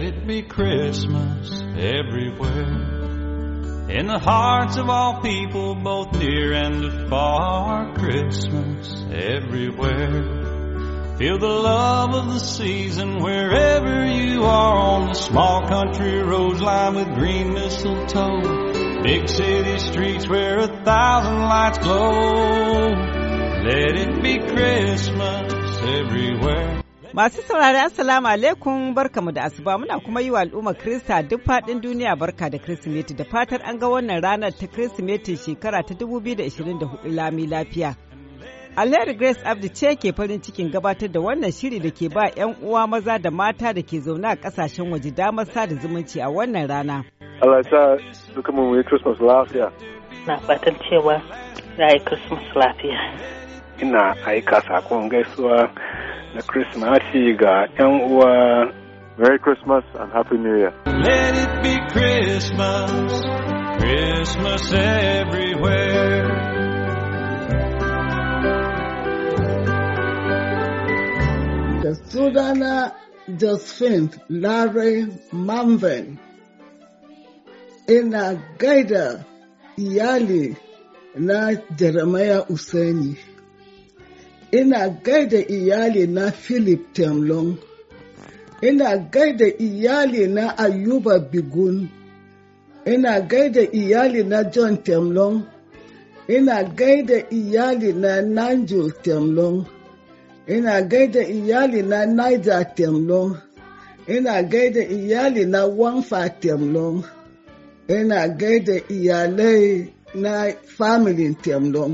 Let it be Christmas everywhere. In the hearts of all people, both near and far, Christmas everywhere. Feel the love of the season wherever you are on the small country roads lined with green mistletoe. Big city streets where a thousand lights glow. Let it be Christmas everywhere. Masu saurari Assalamu alaikum barkamu da asuba muna kuma yi wa al'umma Krista duk faɗin duniya barka da Kirsimeti da fatar an ga wannan ranar ta Kirsimeti shekara ta 2024 lami lafiya. Alheri Grace Abdi ce ke farin cikin gabatar da wannan shiri da ke ba 'yan uwa maza da mata da ke zaune a kasashen waje damar sada zumunci a wannan rana. Allah sa duka mu yi Christmas lafiya. Na fatan cewa za a yi Christmas lafiya. Ina aika sakon gaisuwa na Kirsimati ga 'yan uwa. Merry Christmas and Happy New Year. Let it be Christmas, Christmas everywhere. The Sudana Josephine Larry in a gaida yali, na Jeremiah Useni. ina gaida iyali na philip temlon ina gaida iyali na ayuba bigun ina gaida iyali na john temlon ina gaida iyali na Nigel temlon ina gaida iyali na niger temlon ina gaida iyali na wanfa temlon ina gaida iyalai na familin temlon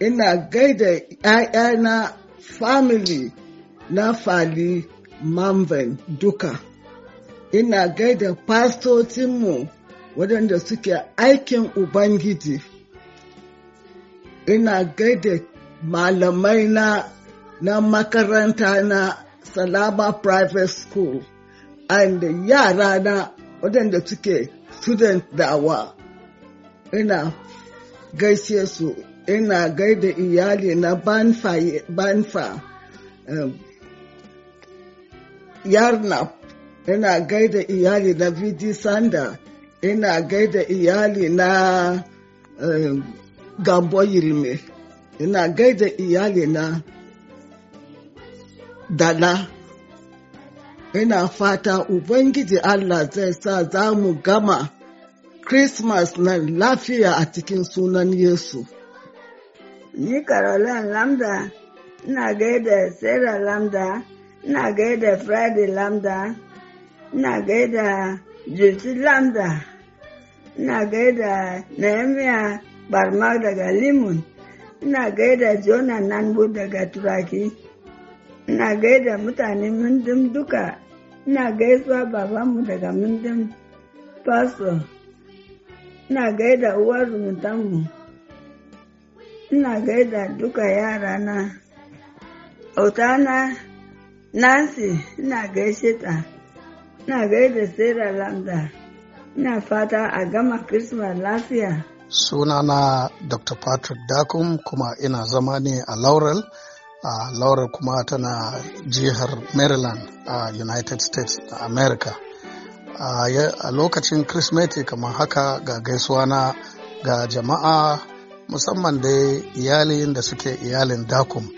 ina gaida ‘ya'yana family na fali manven duka. Ina gaida fastocinmu waɗanda suke aikin Ubangiji. Ina gaida malamai na na makaranta na Salama Private School and yara na waɗanda suke student dawa. Ina gaishe su ina gaida iyali na banfa banfa eh, ina gaida iyali na vidi sanda ina gaida iyali na eh, gambo yirme ina gaida iyali na dala ina fata ubangiji allah zai sa za mu gama Christmas na lafiya a cikin sunan Yesu. Ni Caroline Lambda, ina gaida Sarah Lambda, ina gaida Friday Lambda, ina gaida Jinsi Lambda, ina gaida Nehemiah Barma daga limon ina gaida Jona Nanbu daga Turaki, ina gaida mutane Mundum duka, ina gaisuwa babanmu daga Mundum Pastor, ina gaida uwar rumuntanmu. Ina gaida duka yarana. Otana nasi ina gaishe ta. Ina gaida Sarah Lambda. Ina fata a gama Christmas lafiya. Sunana Dr. Patrick Dakum kuma ina zama ne a Laurel. Uh, Laurel kuma tana jihar Maryland a uh, United States a America. Uh, a lokacin Kirsimeti kamar haka ga gaisuwa na ga jama'a musamman da iyali da suke iyalin dakum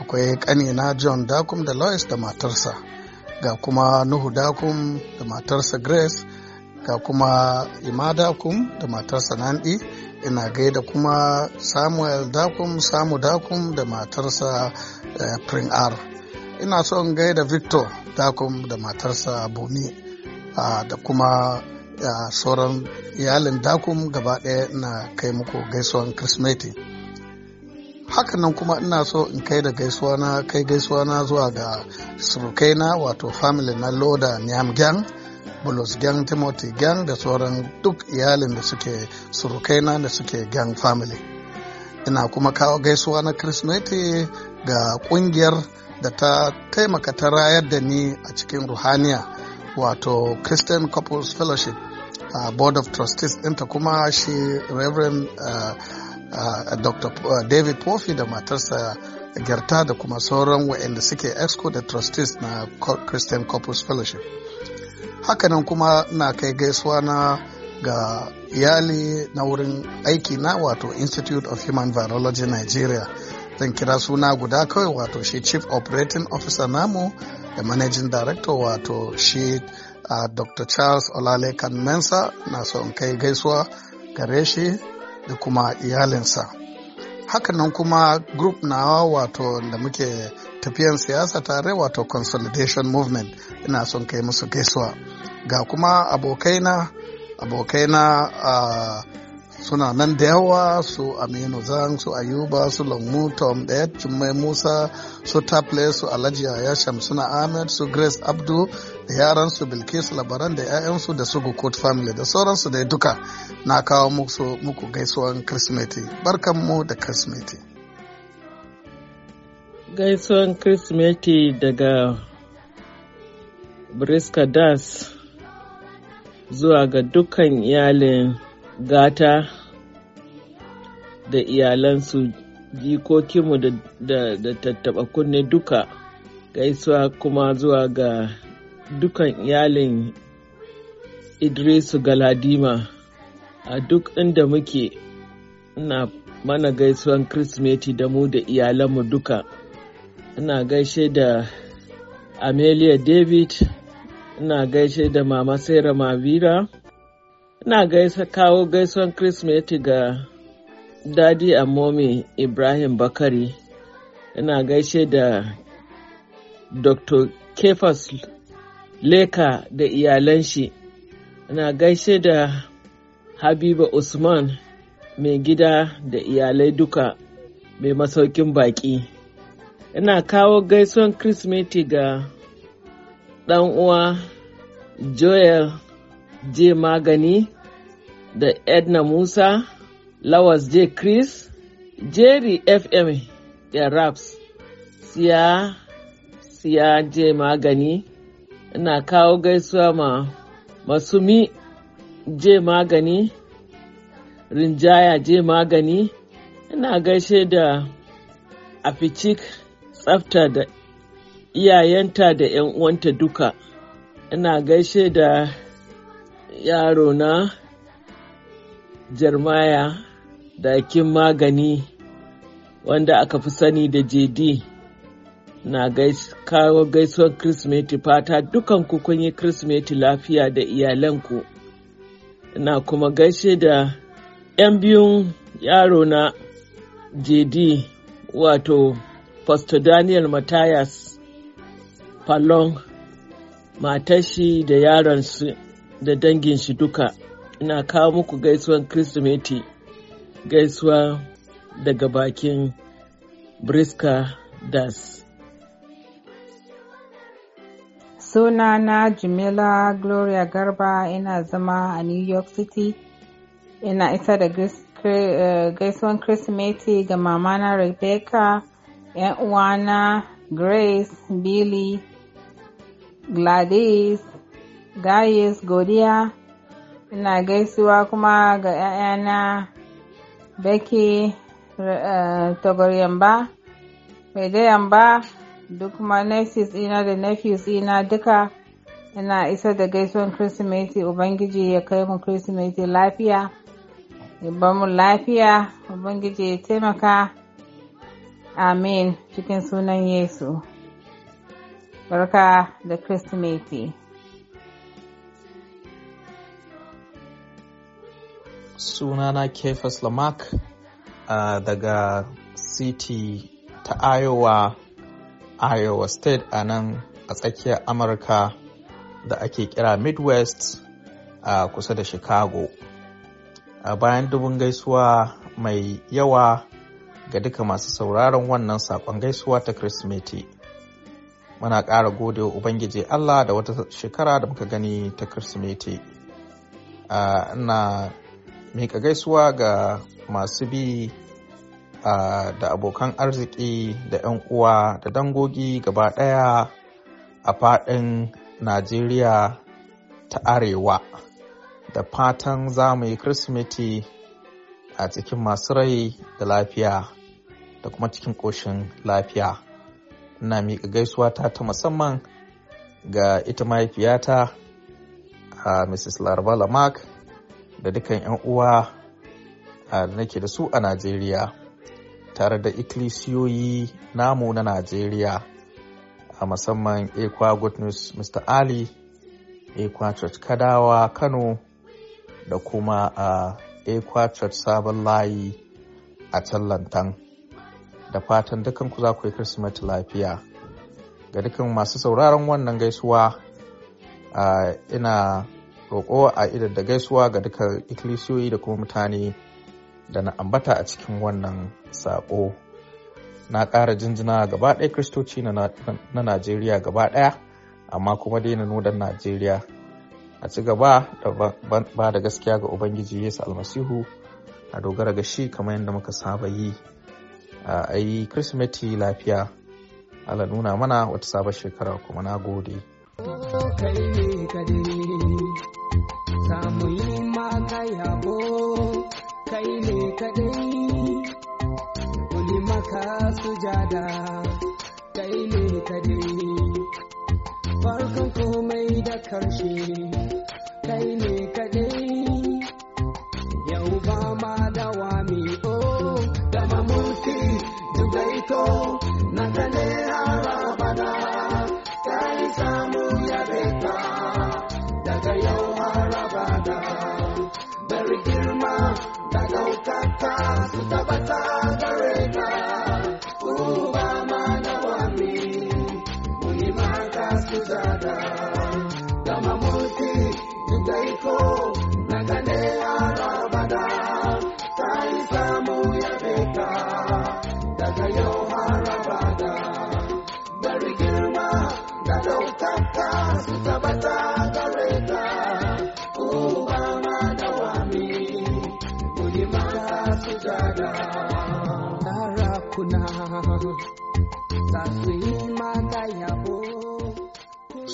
akwai kanina john dakum da lois da matarsa ga kuma nuhu dakum da matarsa grace ga kuma ima dakum da matarsa nandi ina gaida kuma samuel dakum samu dakum da matarsa eh, r ina son gaida victor dakum da matarsa buni ah, da kuma da sauran iyalin dakum gaba ɗaya na kai muku gaisuwan kirsimeti hakanan kuma ina so in kai da gaisuwa na kai gaisuwa na zuwa ga surukaina wato family na loda niam gang bulus gang timothy gang da sauran duk iyalin da suke surukaina da suke gang family ina kuma kawo gaisuwa na kirsimeti ga kungiyar da ta taimaka ta rayar da ni a cikin ruhaniya wato christian couples fellowship uh, board of trustees ɗinta kuma shi reverend uh, uh, dr uh, david Pofi da matarsa gerta da kuma sauran waɗanda suke exco da trustees na christian corpus fellowship hakanan kuma na kai gaisuwa na ga iyali na wurin aiki na wato institute of human virology nigeria zan kira suna guda kawai wato shi chief operating officer namu da managing director wato shi a dr charles olalekan mensa na son kai gaisuwa gare shi da kuma iyalinsa hakanan kuma group na wato da muke tafiyan siyasa tare wato consolidation movement ina son kai musu gaisuwa ga kuma abokaina abokaina a suna nan da yawa su aminu zan su ayuba su lamu tom ɗaya cimmai musa su taple su alhaji yaya shamsuna ahmed su grace abdu da yaransu bilkisu labaran da 'ya'yansu da sugu court family da sauransu da duka na kawo muku gaisuwan kirsimeti mu da kirsimeti gaisuwan kirsimeti daga briska das zuwa ga dukkan iyalin gata da iyalansu jikokinmu da, kunne duka gaisuwa kuma zuwa ga dukan iyalin Idrisu Galadima a duk inda muke ina mana gaisuwan Kirsimeti da mu da iyalanmu duka. Ina gaishe da Amelia David, ina gaishe da Mama Sarah Mavira, ina gaisa kawo gaisuwan Kirsimeti ga Dadi Amomi Ibrahim Bakari, ina gaishe da Dr. Kefas leka da iyalan shi na gaishe da habiba usman mai gida da iyalai duka mai masaukin baƙi ina kawo gaisuwan kirsimeti ga ɗan uwa joel j magani da edna musa lawas j chris jerry fm ya raps siya siya j magani ina kawo gaisuwa ma masumi je magani rinjaya je magani ina gaishe da aficik tsafta da iyayenta da 'yan uwanta duka ina gaishe da yaro na jarmaya da kin magani wanda aka fi sani da JD. na kawo gaisuwar Kirsimeti fata dukan ku kun yi Kirsimeti lafiya da iyalanku. Na kuma gaishe da ‘yan biyun yaro na JD wato Pastor Daniel Matthias Falon matashi da yaransu da dangin shi duka. na kawo muku gaisuwar Kirsimeti gaisuwa daga bakin Briska Das. na jimila gloria garba ina zama a new york city ina isa da eh, gaisuwan kirsimeti ga mamana rebecca yan uwana grace billy gladys gaius godiya ina gaisuwa kuma ga 'ya'yana becky uh, eh, togoryamba duk kuma nurses ina da nephews ina duka ina isa da gaisuwan kirsimeti ubangiji ya kai mu kirsimeti lafiya ya mu lafiya ubangiji ya taimaka amin cikin sunan yesu barka da kirsimeti sunana kefas lamak uh, daga city ta iowa Iowa State a nan a tsakiyar Amurka da ake kira Midwest a kusa da Chicago. A bayan dubun gaisuwa mai yawa ga duka masu sauraron wannan sakon gaisuwa ta Kirsimeti. Muna ƙara gode wa Ubangiji Allah da wata shekara da muka gani ta Kirsimeti. Ina miƙa gaisuwa ga masu bi da abokan arziki da 'yan uwa da dangogi gaba ɗaya a faɗin najeriya ta arewa da fatan za mu yi kirsimeti a cikin masu rai da lafiya da kuma cikin ƙoshin lafiya na miƙa gaisuwa ta ta musamman ga ita mahaifiyata a mrs larvala Mark da dukkan 'yan uwa da nake da su a najeriya tare da ikkilisiyoyi namu na najeriya a musamman ekwa good news mr ali ekwa church kadawa kano da kuma a ekwa church sabon layi a can lantan da fatan dukan ku za ku yi kirsimeti lafiya ga dukan masu sauraron wannan gaisuwa ina roƙo a idar da gaisuwa ga dukan ikkilisiyoyi da kuma mutane da na ambata a cikin wannan sako. na ƙara jinjina gaba ɗaya kristoci na najeriya gaba ɗaya amma kuma dai na nodar najeriya a ci gaba da ba da gaskiya ga ubangiji yesu almasihu a dogara ga shi kamar yadda muka saba yi a yi kirsimeti lafiya ala nuna mana wata sabon shekara kuma na gode. kadai kuli maka sujada kai ne kadai farkon komai da karshe kai ne kadai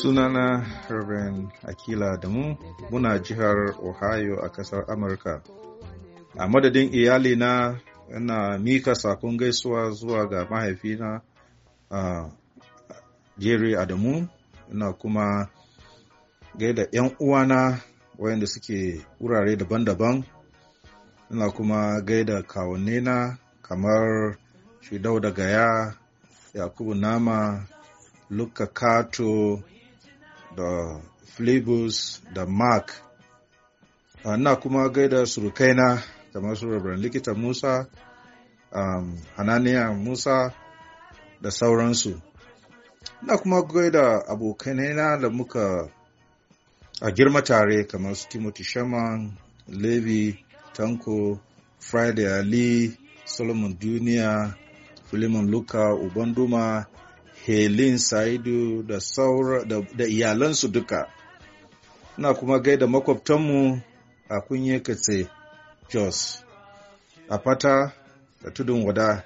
sunana Reverend Akila Damu muna jihar Ohio a kasar Amurka. A madadin iyalina ina mika sakon gaisuwa zuwa ga mahaifina a Jerry Adamu ina kuma gaida 'yan uwana wayanda suke wurare daban-daban ina kuma gaida kawunina kamar shidau dauda gaya yakubu nama luka kato da Flebus da Mark. Uh, na kuma gaida surukaina kamar su Likita Musa, um, Hananiya Musa da sauransu. Na kuma gaida abokanaina da muka a girma tare kamar su Timothy sherman, Levi, Tanko, Friday Ali, Solomon Duniya, philemon Luka, Ubanduma, helin saidu da saura da iyalansu duka na kuma gaida makwabtanmu a kunye katse jos a fata da tudun wada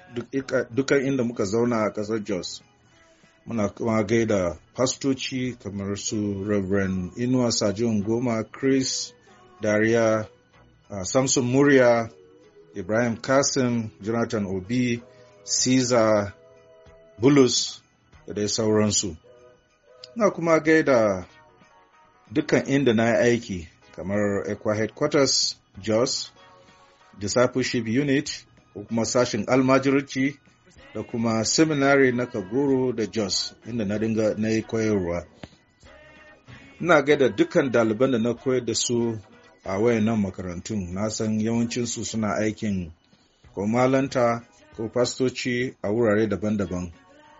dukan inda muka zauna a ƙasar jos muna kuma gaida fastoci kamar su reverend inuwa sajin goma chris dariya uh, samson murya ibrahim kasim jonathan obi caesar bulus da dai sauransu. Na kuma gaida dukkan inda na yi aiki kamar Equa Headquarters, Jos, Discipleship Unit, ko kuma sashin almajirci da kuma seminary na Kaguru da Jos inda na dinga na yi koyarwa. Ina gaida dukkan ɗaliban da na koyar da su a nan makarantun, na san yawancinsu suna aikin ko malanta ko fastoci a wurare daban-daban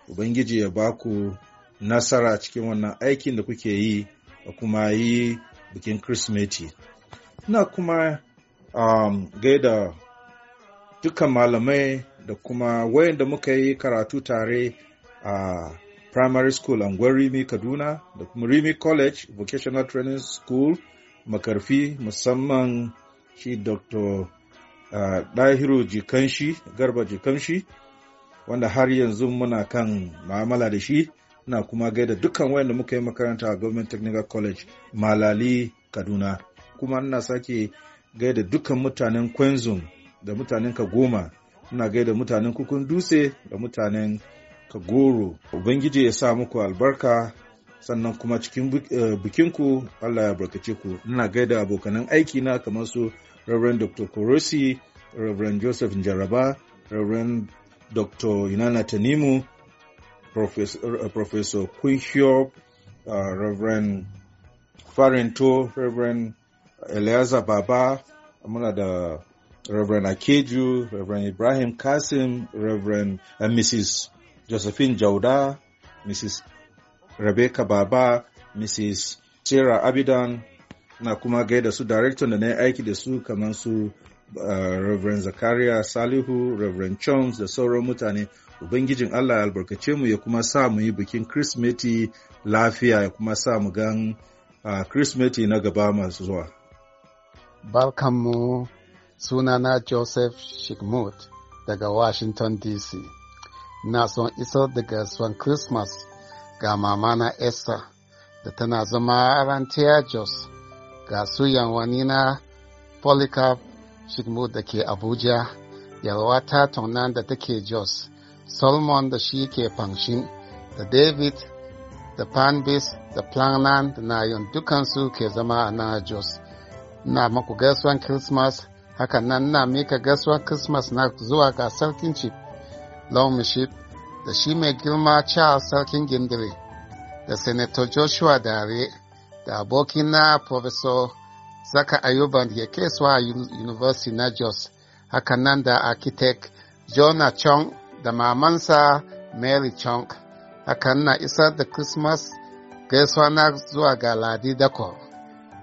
Ubangiji ya ba ku nasara cikin wannan aikin da kuke yi a kuma yi bikin Kirsimeti. Na kuma um, gaida dukkan malamai da kuma wayanda muka yi karatu tare a uh, primary school anguwar Rimi Kaduna da kuma Rimi College Vocational Training School makarfi musamman shi Dr. Uh, Dahiru Jikanshi, Garba Jikanshi, wanda har yanzu muna kan ma'amala da shi na kuma gaida dukkan wayanda muka yi makaranta a Government Technical College Malali Kaduna kuma ina sake gaida dukkan mutanen Kwenzum da mutanen Kagoma ina gaida mutanen Kukun Dutse da mutanen Kagoro Ubangiji ya sa muku albarka sannan kuma cikin bikinku eh, Allah ya barkace ku ina gaida abokanan aiki na kamar su Reverend Dr. Korosi, Reverend Joseph jaraba Reverend Dr. Inanna Tenimu, Professor, uh, Professor Kwihyo, uh, Reverend Farento, Reverend Eleaza Baba, muna da Reverend Akeju, Reverend Ibrahim Kasim, Reverend uh, Mrs. Josephine Jauda, Mrs. Rebecca Baba, Mrs. Sarah Abidan, na kuma gaida su director da na aiki da su kamar su Uh, Reverend Zakaria Salihu, Reverend Chons da sauran mutane Ubangijin Allah ya albarkace mu ya kuma sa mu yi bikin Kirsimeti lafiya ya kuma sa mu gan uh, Kirsimeti na gaba masu zuwa. Barkanmu sunana Joseph Shigmut daga Washington DC. Na son iso daga son Christmas ga mamana Esther da tana zama rantiya Jos ga su wani na Polycarp sigmo da ke abuja yalwata taunan da take jos solomon da shi ke da david da panbis da planan da nayon dukansu ke zama a jos na maku gaisuwan christmas hakan nan na mika gaisuwan christmas na zuwa ga sarkin chief da shi mai girma charles sarkin da senator joshua dare da abokina professor Zaka Ayuban Yekeswa University na Jos, hakanan da architect Jonah Chong da mamansa Mary Chong, hakan na isar da Christmas gaisuwa na zuwa ga Ladi Dako,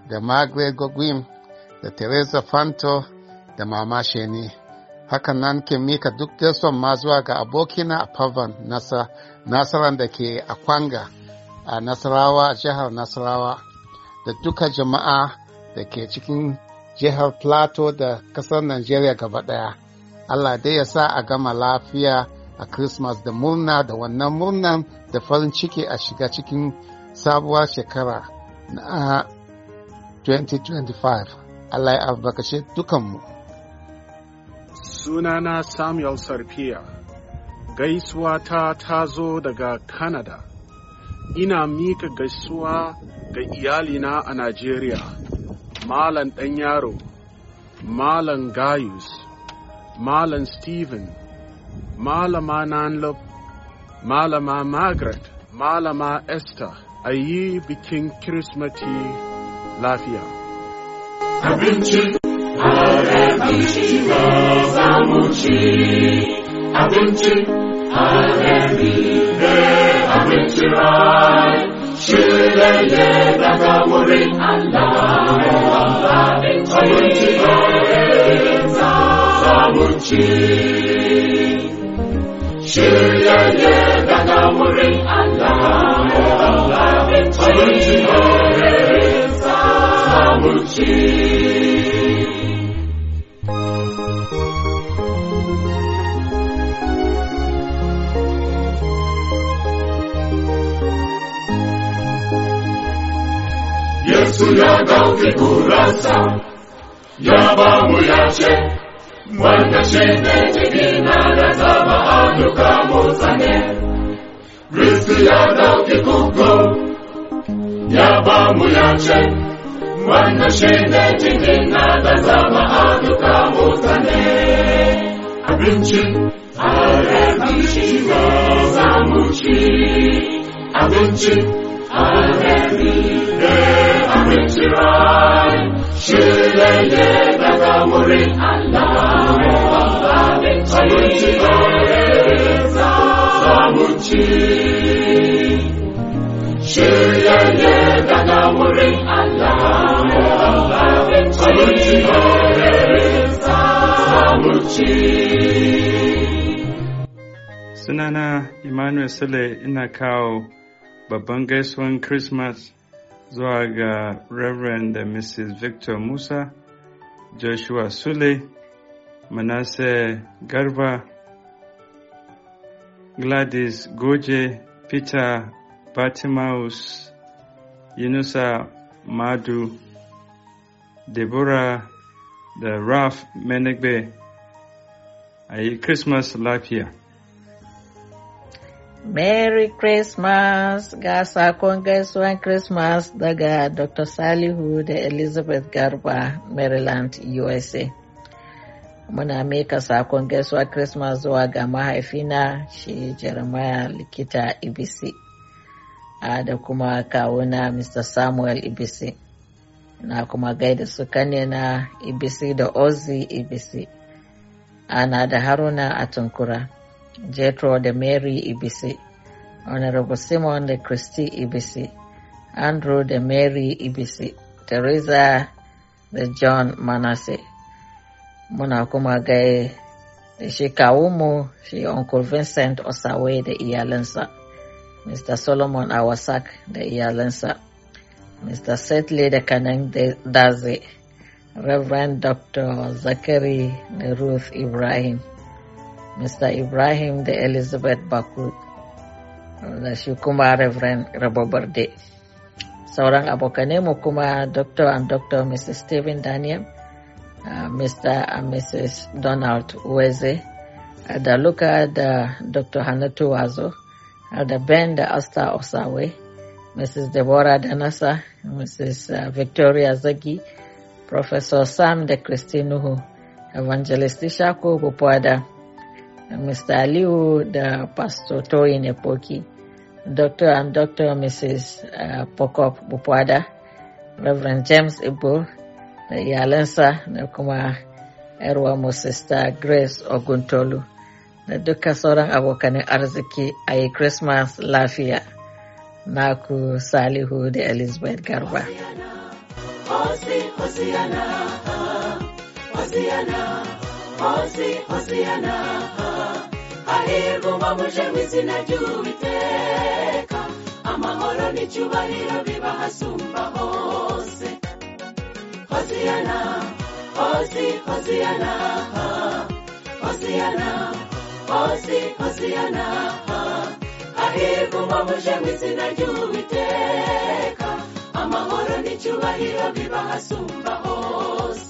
da Margaret Gogwim, da Teresa Fanto, da Mama Sheni. Hakanan nan ke mika duk gaisuwan ma zuwa ga abokina a Pavan Nasa, Nasaran da ke a Kwanga a Nasarawa, jihar Nasarawa, da duka jama'a da ke cikin jihar Plateau da ƙasar Najeriya gaba ɗaya. Allah dai ya sa a gama lafiya a Christmas da murna da wannan murnan da farin ciki a shiga cikin sabuwar shekara na 2025. Allah ya albarkace dukanmu. Sunana Samuel Sarfiya, gaisuwa ta ta zo daga Canada. Ina mika gaisuwa ga iyalina a Najeriya. Malan ɗan yaro Malan gayus stephen malama nanlop malama margaret malama esther a yi bikin kirismati lafiya abinci abinci ne za mu ci abinci abinci ne abinci rai 주의 나가우리 알라에 사무치 사무치 주의 나가우리안 알라에 사무치 사무치 Sujagał Trikurasa, Jaba Mujacie, Mwanda Shene Jigina Razama Anuka Muzane, Christiana Kikuko, Jaba Mujacie, Mwanda Shene Jigina Razama Anuka Muzane, Abinchi, Arabishi Zamuchi, Abinchi, Arabishi من شيل يدك مري الله أكبر من شيل يدك مري الله أكبر من Sunana Emmanuel Sule ina kawo babban gaisuwan Christmas zuwa uh, Reverend Mrs. Victor Musa, Joshua Sule, Manasseh Garba, Gladys Goje, Peter Batimaus, Yunusa Madu, Deborah the Raf Menegbe. A Christmas Life here. Merry Christmas ga sakon gaisuwan Christmas daga Dr. Salihu da Elizabeth Garba, Maryland, USA. Muna meka sakon gaisuwa Christmas zuwa ga mahaifina shi Jeremiah Likita A da kuma kawuna Mr. Samuel Ibisi. Na kuma gaida su na Ibisi da Ozzy Ibisi, ana da haruna a tunkura. Jethro da Mary Ibisi, Honorable Simon da Christy Ibisi, Andrew da Mary Ibisi, Teresa da John Manasse. Muna kuma gai da shi kawunmu shi Uncle Vincent Osawe da iyalinsa, Mr. Solomon Awasak da iyalinsa, Mr. Setley da Kanan Daze, Reverend Dr. Zakari da Ruth Ibrahim. Mr. Ibrahim uh, the Elizabeth Bakut da Shukuma kuma Reverend Rababarde. Sauran abokane mukuma Dr. and Dr. Mrs. Stephen Daniel, uh, Mr. and Mrs. Donald Weze, uh, da Luka Dr. Hannah Tuwazo, uh, the Ben the Asta Osawe, Mrs. Deborah Danasa, Mrs. Uh, Victoria Zagi, Professor Sam de Christinuhu, Evangelist Ishaku Bupoada. Mr. Aliu da Pastor Tori Nepoki, Dr. and Dr. Mrs. Uh, Pokop Bupwada, Reverend James Ibu, da iyalansa da kuma yarwa mu Sister Grace Oguntolu da duka sauran abokanin arziki a yi Christmas lafiya. Na ku Salihu da Elizabeth Garba. Hosiana, Hosiana, Hosiana. hozi hoziyana hahirwa uba mu izina ry'uwiteka amahoro n'icyubahiro biba hasumba hose hoziyana hozi hoziyana hoziyana hozi hoziyana hahirwa uba mu izina ry'uwiteka amahoro n'icyubahiro biba hasumba hose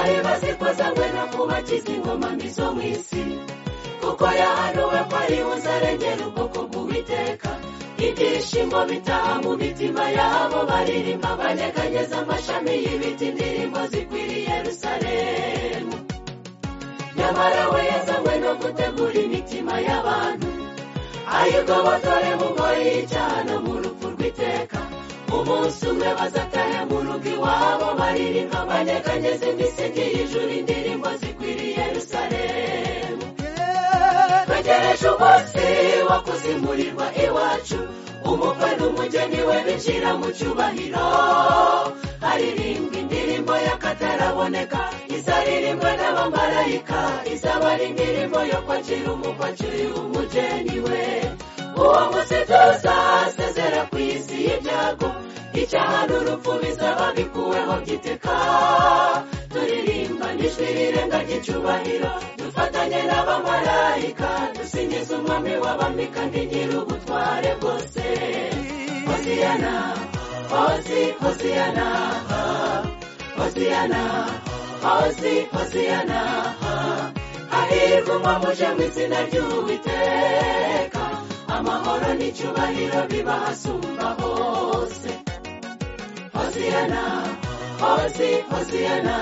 bahibazikoza no kubakiza ingoma mbi zo mu isi kuko yahanuwe ko ari uzarengera ubwoko bw'uwiteka ibyishimo bitaha mu mitima y'abo baririmba banyeganyeza amashami y'ibiti indirimbo zikwiriye yerusalemu nyamara umunsi umwe bazatahe mu rugo iwabo baririmba banyeganyeza imisigi y'ijuru indirimbo zikwiriye yerusalemu twegereje umunsi wo kuzimurirwa iwacu umukwe n'umugeni we binjira mu cyubahiro aririmba indirimbo y'akataraboneka izaririmbwa n'abamarayika izaba ari indirimbo yo kwakira umukwe akiri umugeni we uwo musitoza asezera ku isi y'ibyago icyaha n'urupfu bizaba bikuweho giteka turirimba n'ijwi rirenga ry'icyubahiro dufatanye n'abamarayika dusingiza umwami w'abami kandi nyir'ubutware bwose hoziyana hozi hoziyana hoziyana hozi hoziyana hahirwa umwe mu izina ry'uwiteka amahoro n'icyubahiro biba hasumba hose hoziyana hozi hoziyana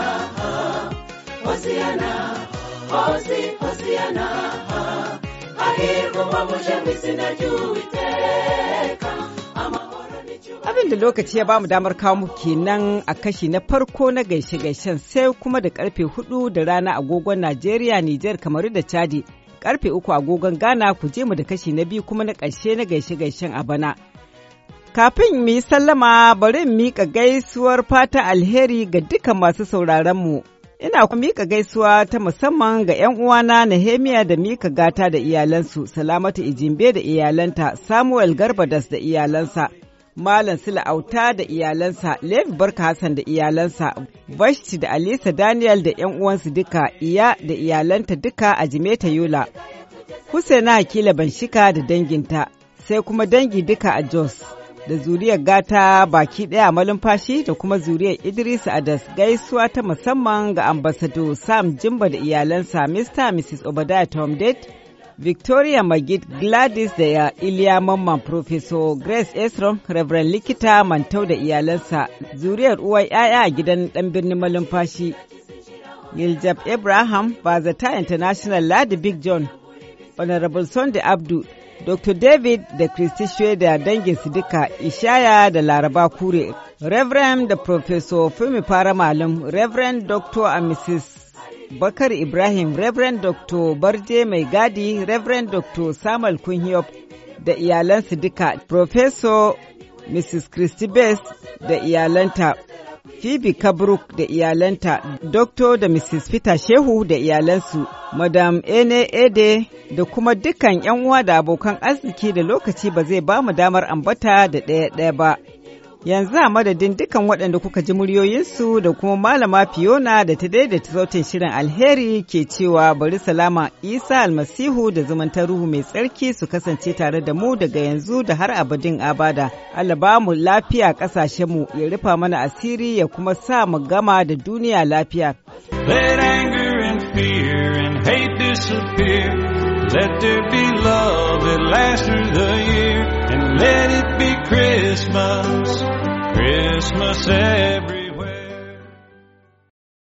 hoziyana hozi hoziyana hahirwa uba muje mu izina ry'uwiteka abin da lokaci ya bamu damar kawo mu kenan a kashi na farko na gaishe-gaishen sai kuma da karfe hudu da rana agogon Najeriya, Nijar, Kamaru da Chadi karfe uku agogon Ghana ku je mu da kashi na biyu kuma na ƙarshe na gaishe-gaishen a bana. Kafin mu yi sallama bari mu miƙa gaisuwar fata alheri ga duka masu mu Ina kuma miƙa gaisuwa ta musamman ga 'yan uwana na Hemiya da Mika Gata da iyalansu, Salamatu Ijimbe da iyalanta, Samuel Garbadas da iyalansa. Malam Sula Auta da iyalansa, Levi Barka Hassan da iyalansa, Vashti da Alisa Daniel da 'yan uwansu duka, iya da iyalanta duka a Jimeta Yola. Husaina Hakila Banshika da danginta, sai kuma dangi duka a Jos, da zuriyar gata baki ɗaya a malumfashi da kuma zuriyar Idris Adas gaisuwa ta musamman ga ambasado Sam Jimba da iyalansa Mr. Mrs. Obadiah Tom Date Victoria Magid Gladys da ya Iliya Mamman Professor Grace Esrom, Reverend Likita Mantau da iyalansa, zuriyar uwar 'ya'ya a gidan dan birnin malumfashi. Yiljab Abraham, Bazata International Ladi Big John, Honorable Sunday Abdu, Dr. David da Christy Shweda dangin duka Ishaya da Laraba Kure, Reverend da Professor Fumi Fara Malam, Reverend Dr. and Mrs. Bakar Ibrahim, Reverend Dr. Barje Mai Gadi, Reverend Dr. Samuel Kunhiyop da iyalansu duka, Professor Mrs. Christy Best da iyalanta, Phoebe Kabruk da iyalanta, Dr. da Mrs. Peter Shehu da iyalansu, Madam Ene Ede da kuma dukkan 'yan uwa da abokan arziki da lokaci ba zai ba mu damar ambata da ɗaya-ɗaya ba. yanzu a madadin dukkan waɗanda kuka ji muryoyinsu da kuma malama fiona da ta daidaita sautin shirin alheri ke cewa bari salama isa almasihu da zumuntar ruhu mai tsarki su kasance tare da mu daga yanzu da har abadin abada allah ba mu lafiya ƙasashenmu ya rufa mana asiri ya kuma sa mu gama da duniya lafiya Let Christmas. Christmas every